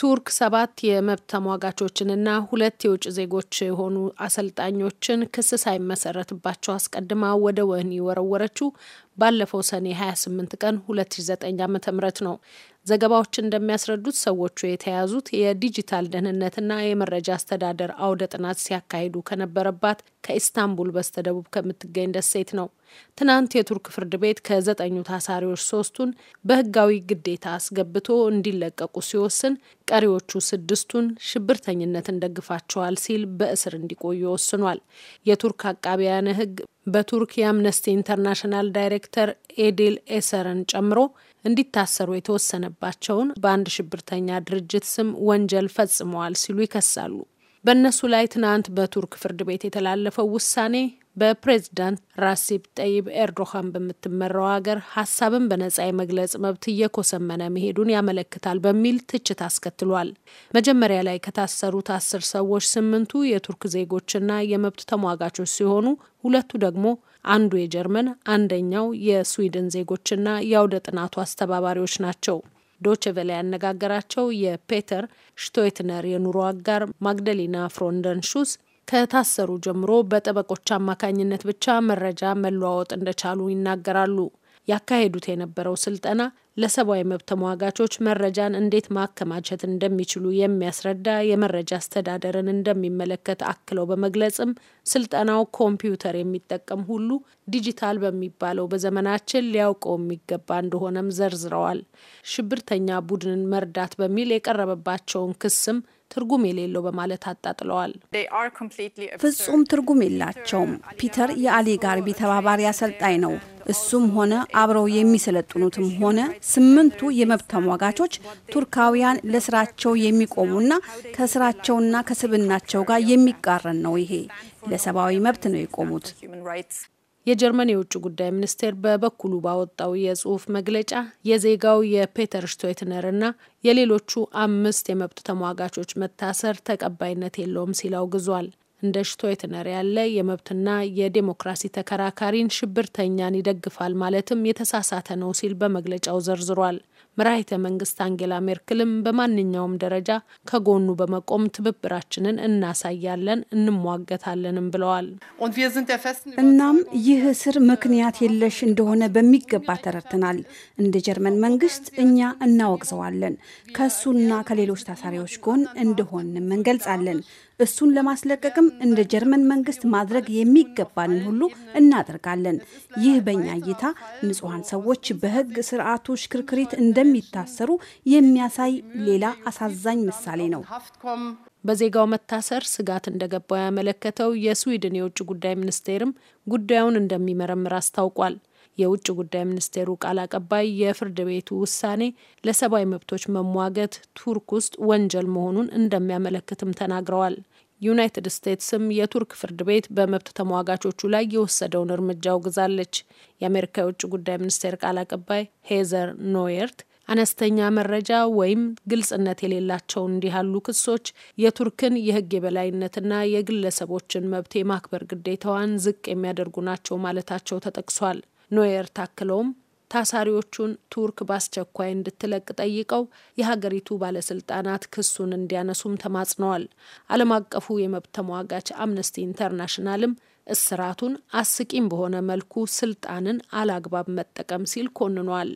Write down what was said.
ቱርክ ሰባት የመብት ተሟጋቾችንና ሁለት የውጭ ዜጎች የሆኑ አሰልጣኞችን ክስ ሳይመሰረትባቸው አስቀድማ ወደ ወህኒ ወረወረችው ባለፈው ሰኔ 28 ቀን 2009 ም ነው። ዘገባዎች እንደሚያስረዱት ሰዎቹ የተያዙት የዲጂታል ደህንነትና የመረጃ አስተዳደር አውደ ጥናት ሲያካሂዱ ከነበረባት ከኢስታንቡል በስተደቡብ ከምትገኝ ደሴት ነው። ትናንት የቱርክ ፍርድ ቤት ከዘጠኙ ታሳሪዎች ሶስቱን በህጋዊ ግዴታ አስገብቶ እንዲለቀቁ ሲወስን፣ ቀሪዎቹ ስድስቱን ሽብርተኝነትን ደግፋቸዋል ሲል በእስር እንዲቆዩ ወስኗል። የቱርክ አቃቢያነ ህግ በቱርክ የአምነስቲ ኢንተርናሽናል ዳይሬክተር ኤዲል ኤሰርን ጨምሮ እንዲታሰሩ የተወሰነባቸውን በአንድ ሽብርተኛ ድርጅት ስም ወንጀል ፈጽመዋል ሲሉ ይከሳሉ። በእነሱ ላይ ትናንት በቱርክ ፍርድ ቤት የተላለፈው ውሳኔ በፕሬዝዳንት ራሲብ ጠይብ ኤርዶሃን በምትመራው ሀገር ሀሳብን በነጻ የመግለጽ መብት እየኮሰመነ መሄዱን ያመለክታል በሚል ትችት አስከትሏል። መጀመሪያ ላይ ከታሰሩት አስር ሰዎች ስምንቱ የቱርክ ዜጎችና የመብት ተሟጋቾች ሲሆኑ ሁለቱ ደግሞ አንዱ የጀርመን አንደኛው የስዊድን ዜጎችና የአውደ ጥናቱ አስተባባሪዎች ናቸው። ዶችቬለ ያነጋገራቸው የፔተር ሽቶይትነር የኑሮ አጋር ማግደሊና ፍሮንደንሹስ ከታሰሩ ጀምሮ በጠበቆች አማካኝነት ብቻ መረጃ መለዋወጥ እንደቻሉ ይናገራሉ። ያካሄዱት የነበረው ስልጠና ለሰብአዊ መብት ተሟጋቾች መረጃን እንዴት ማከማቸት እንደሚችሉ የሚያስረዳ የመረጃ አስተዳደርን እንደሚመለከት አክለው በመግለጽም ስልጠናው ኮምፒውተር የሚጠቀም ሁሉ ዲጂታል በሚባለው በዘመናችን ሊያውቀው የሚገባ እንደሆነም ዘርዝረዋል። ሽብርተኛ ቡድንን መርዳት በሚል የቀረበባቸውን ክስም ትርጉም የሌለው በማለት አጣጥለዋል። ፍጹም ትርጉም የላቸውም። ፒተር የአሊ ጋርቢ ተባባሪ አሰልጣኝ ነው። እሱም ሆነ አብረው የሚሰለጥኑትም ሆነ ስምንቱ የመብት ተሟጋቾች ቱርካውያን ለስራቸው የሚቆሙና ከስራቸውና ከስብናቸው ጋር የሚቃረን ነው። ይሄ ለሰብአዊ መብት ነው የቆሙት። የጀርመን የውጭ ጉዳይ ሚኒስቴር በበኩሉ ባወጣው የጽሁፍ መግለጫ የዜጋው የፔተር ሽቶይትነርና የሌሎቹ አምስት የመብት ተሟጋቾች መታሰር ተቀባይነት የለውም ሲል አውግዟል። እንደ ሽቶይትነር ያለ የመብትና የዴሞክራሲ ተከራካሪን ሽብርተኛን ይደግፋል ማለትም የተሳሳተ ነው ሲል በመግለጫው ዘርዝሯል። መራሂተ መንግስት አንጌላ ሜርክልም በማንኛውም ደረጃ ከጎኑ በመቆም ትብብራችንን እናሳያለን፣ እንሟገታለንም ብለዋል። እናም ይህ እስር ምክንያት የለሽ እንደሆነ በሚገባ ተረድተናል። እንደ ጀርመን መንግስት እኛ እናወግዘዋለን። ከእሱና ከሌሎች ታሳሪዎች ጎን እንደሆንም እንገልጻለን። እሱን ለማስለቀቅም እንደ ጀርመን መንግስት ማድረግ የሚገባንን ሁሉ እናደርጋለን። ይህ በእኛ እይታ ንጹሐን ሰዎች በህግ ስርዓቱ ሽክርክሪት እንደሚታሰሩ የሚያሳይ ሌላ አሳዛኝ ምሳሌ ነው። በዜጋው መታሰር ስጋት እንደገባው ያመለከተው የስዊድን የውጭ ጉዳይ ሚኒስቴርም ጉዳዩን እንደሚመረምር አስታውቋል። የውጭ ጉዳይ ሚኒስቴሩ ቃል አቀባይ የፍርድ ቤቱ ውሳኔ ለሰብአዊ መብቶች መሟገት ቱርክ ውስጥ ወንጀል መሆኑን እንደሚያመለክትም ተናግረዋል። ዩናይትድ ስቴትስም የቱርክ ፍርድ ቤት በመብት ተሟጋቾቹ ላይ የወሰደውን እርምጃ አውግዛለች። የአሜሪካ የውጭ ጉዳይ ሚኒስቴር ቃል አቀባይ ሄዘር ኖየርት አነስተኛ መረጃ ወይም ግልጽነት የሌላቸው እንዲህ ያሉ ክሶች የቱርክን የሕግ የበላይነትና የግለሰቦችን መብት የማክበር ግዴታዋን ዝቅ የሚያደርጉ ናቸው ማለታቸው ተጠቅሷል። ኖየር ታክለውም ታሳሪዎቹን ቱርክ በአስቸኳይ እንድትለቅ ጠይቀው የሀገሪቱ ባለስልጣናት ክሱን እንዲያነሱም ተማጽነዋል። ዓለም አቀፉ የመብት ተሟጋች አምነስቲ ኢንተርናሽናልም እስራቱን አስቂም በሆነ መልኩ ስልጣንን አላግባብ መጠቀም ሲል ኮንኗል።